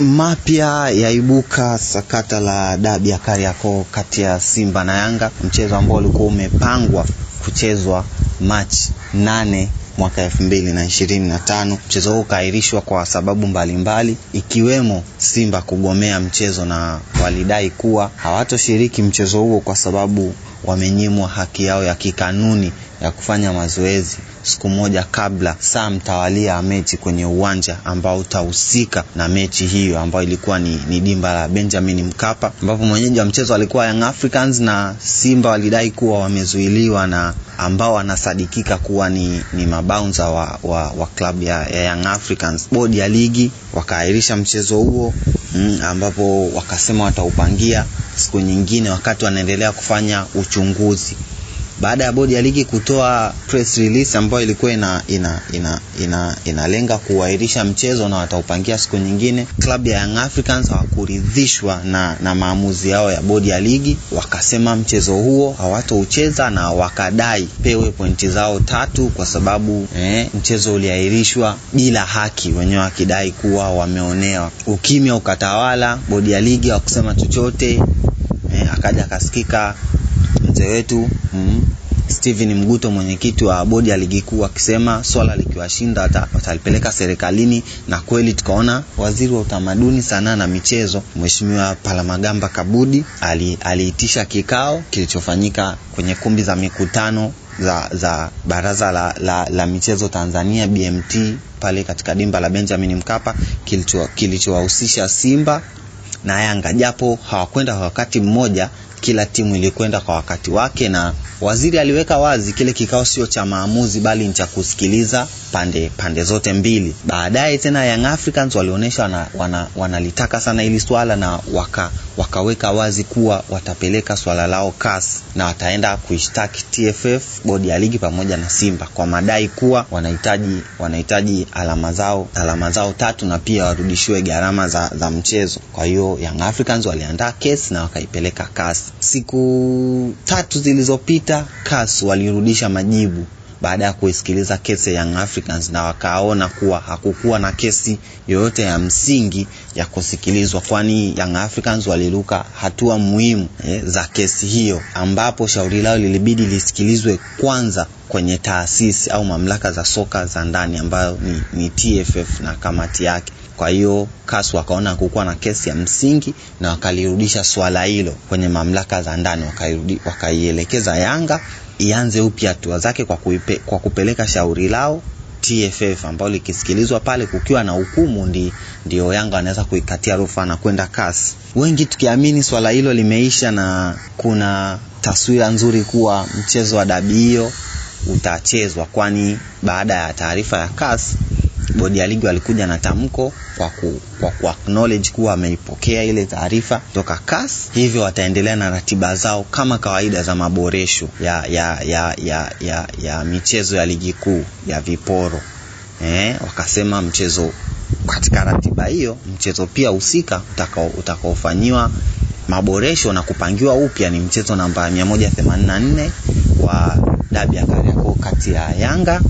Mapya yaibuka sakata la dabi ya Kariakoo kati ya Simba na Yanga, mchezo ambao ulikuwa umepangwa kuchezwa Machi nane mwaka ishirini tano Mchezo huu ukaahirishwa kwa sababu mbalimbali mbali, ikiwemo Simba kugomea mchezo na walidai kuwa hawatoshiriki mchezo huo kwa sababu wamenyimwa haki yao ya kikanuni ya kufanya mazoezi siku moja kabla saa mtawalia ya mechi kwenye uwanja ambao utahusika na mechi hiyo ambayo ilikuwa ni, ni dimba la Benjamin Mkapa, ambapo mwenyeji wa mchezo alikuwa Young Africans na Simba walidai kuwa wamezuiliwa na ambao wanasadikika kuwa ni, ni mabaunza wa, wa, wa klabu ya, ya Young Africans. Bodi ya ligi wakaahirisha mchezo huo mm, ambapo wakasema wataupangia siku nyingine wakati wanaendelea kufanya uchunguzi baada ya bodi ya ligi kutoa press release ambayo ilikuwa ina ina ina inalenga ina kuahirisha mchezo na wataupangia siku nyingine, klabu ya Young Africans hawakuridhishwa na, na maamuzi yao ya bodi ya ligi, wakasema mchezo huo hawatoucheza na wakadai pewe pointi zao tatu kwa sababu eh, mchezo uliahirishwa bila haki, wenyewe wakidai kuwa wameonewa. Ukimya ukatawala, bodi ya ligi hawakusema chochote eh, akaja akasikika mzee wetu mm, Steven Mguto mwenyekiti wa bodi ya ligi kuu akisema swala likiwashinda watalipeleka serikalini, na kweli tukaona waziri wa utamaduni, sanaa na michezo Mheshimiwa Palamagamba Kabudi ali, aliitisha kikao kilichofanyika kwenye kumbi za mikutano za, za baraza la, la, la michezo Tanzania BMT pale katika dimba la Benjamin Mkapa kilichowahusisha Simba na Yanga japo hawakwenda kwa wakati mmoja, kila timu ilikwenda kwa wakati wake, na waziri aliweka wazi kile kikao sio cha maamuzi, bali ni cha kusikiliza pande pande zote mbili. Baadaye tena Young Africans walionyesha wana, wana, wanalitaka sana hili swala na waka, wakaweka wazi kuwa watapeleka swala lao kas na wataenda kuishtaki TFF, bodi ya ligi pamoja na Simba kwa madai kuwa wanahitaji wanahitaji alama zao alama zao tatu na pia warudishiwe gharama za, za mchezo. Kwa hiyo Young Africans waliandaa kesi na wakaipeleka CAS siku tatu zilizopita kas walirudisha majibu baada ya kuisikiliza kesi ya Young Africans na wakaona kuwa hakukuwa na kesi yoyote ya msingi ya kusikilizwa, kwani Young Africans waliruka hatua muhimu eh, za kesi hiyo, ambapo shauri lao lilibidi lisikilizwe kwanza kwenye taasisi au mamlaka za soka za ndani ambayo ni, ni TFF na kamati yake. Kwa hiyo CAS wakaona kukuwa na kesi ya msingi na wakalirudisha swala hilo kwenye mamlaka za ndani, wakaielekeza Yanga ianze upya hatua zake kwa, kuipe, kwa kupeleka shauri lao TFF ambayo likisikilizwa pale kukiwa na hukumu ndi, ndio Yanga anaweza kuikatia rufaa na kwenda CAS. Wengi tukiamini swala hilo limeisha na kuna taswira nzuri kuwa mchezo wa dabi hiyo utachezwa, kwani baada ya taarifa ya kasi bodi ya ligi walikuja na tamko kwa ku, kwa ku acknowledge kuwa wameipokea ile taarifa kutoka CAS, hivyo wataendelea na ratiba zao kama kawaida za maboresho ya, ya, ya, ya, ya, ya michezo ya ligi kuu ya viporo eh, wakasema mchezo katika ratiba hiyo mchezo pia husika utakaofanyiwa utaka maboresho na kupangiwa upya ni mchezo namba 184 wa dabi ya Kariakoo kati ya Yanga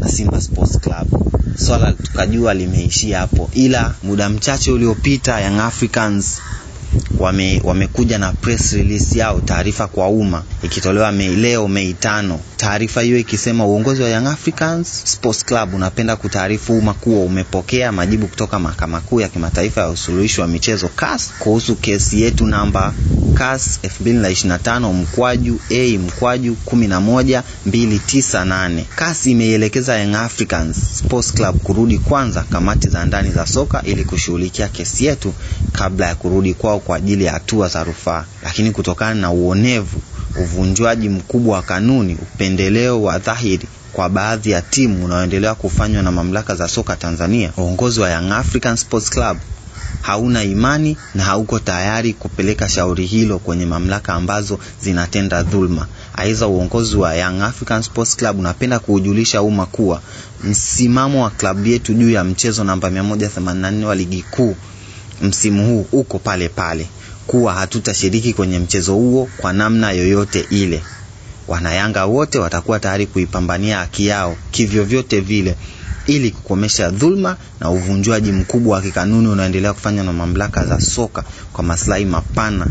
na Simba Sports Club swala tukajua limeishia hapo, ila muda mchache uliopita Young Africans wame, wamekuja na press release yao, taarifa kwa umma ikitolewa Mei leo Mei tano, taarifa hiyo ikisema uongozi wa Young Africans Sports Club unapenda kutaarifu umma kuwa umepokea majibu kutoka Mahakama Kuu ya Kimataifa ya Usuluhishi wa Michezo CAS kuhusu kesi yetu namba CAS 2025 mkwaju A mkwaju 11298. CAS imeielekeza Young Africans Sports Club kurudi kwanza kamati za ndani za soka ili kushughulikia kesi yetu kabla ya kurudi kwao kwa ajili ya hatua za rufaa, lakini kutokana na uonevu, uvunjwaji mkubwa wa kanuni, upendeleo wa dhahiri kwa baadhi ya timu unaoendelea kufanywa na mamlaka za soka Tanzania, uongozi wa Young African Sports Club hauna imani na hauko tayari kupeleka shauri hilo kwenye mamlaka ambazo zinatenda dhulma. Aidha, uongozi wa Young African Sports Club unapenda kuujulisha umma kuwa msimamo wa klabu yetu juu ya mchezo namba 184 wa ligi kuu msimu huu uko pale pale, kuwa hatutashiriki kwenye mchezo huo kwa namna yoyote ile. Wanayanga wote watakuwa tayari kuipambania haki yao kivyovyote vile ili kukomesha dhulma na uvunjwaji mkubwa wa kikanuni unaoendelea kufanywa na mamlaka za soka kwa maslahi mapana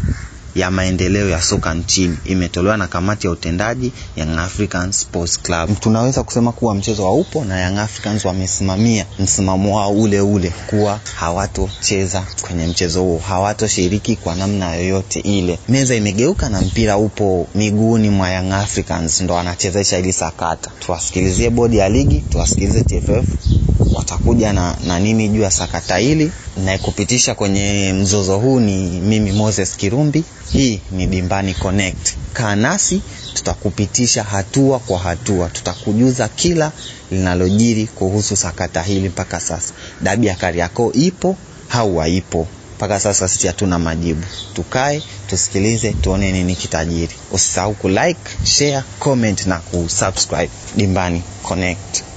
ya maendeleo ya soka nchini imetolewa na kamati ya utendaji Young African Sports Club. Tunaweza kusema kuwa mchezo haupo na Young Africans wamesimamia msimamo wao ule ule kuwa hawatocheza kwenye mchezo huo, hawatoshiriki kwa namna yoyote ile. Meza imegeuka na mpira upo miguuni mwa Young Africans, ndo anachezesha ili sakata. Tuwasikilizie bodi ya ligi, tuwasikilize TFF watakuja na, na nini juu ya sakata hili. Nayekupitisha kwenye mzozo huu ni mimi Moses Kirumbi. Hii ni Dimbani Connect. Kaa nasi, tutakupitisha hatua kwa hatua, tutakujuza kila linalojiri kuhusu sakata hili mpaka sasa. Dabi ya Kariakoo ipo au haipo? Mpaka sasa sisi hatuna majibu. Tukae tusikilize, tuone nini kitajiri. Usisahau kulike, share, comment na kusubscribe Dimbani Connect.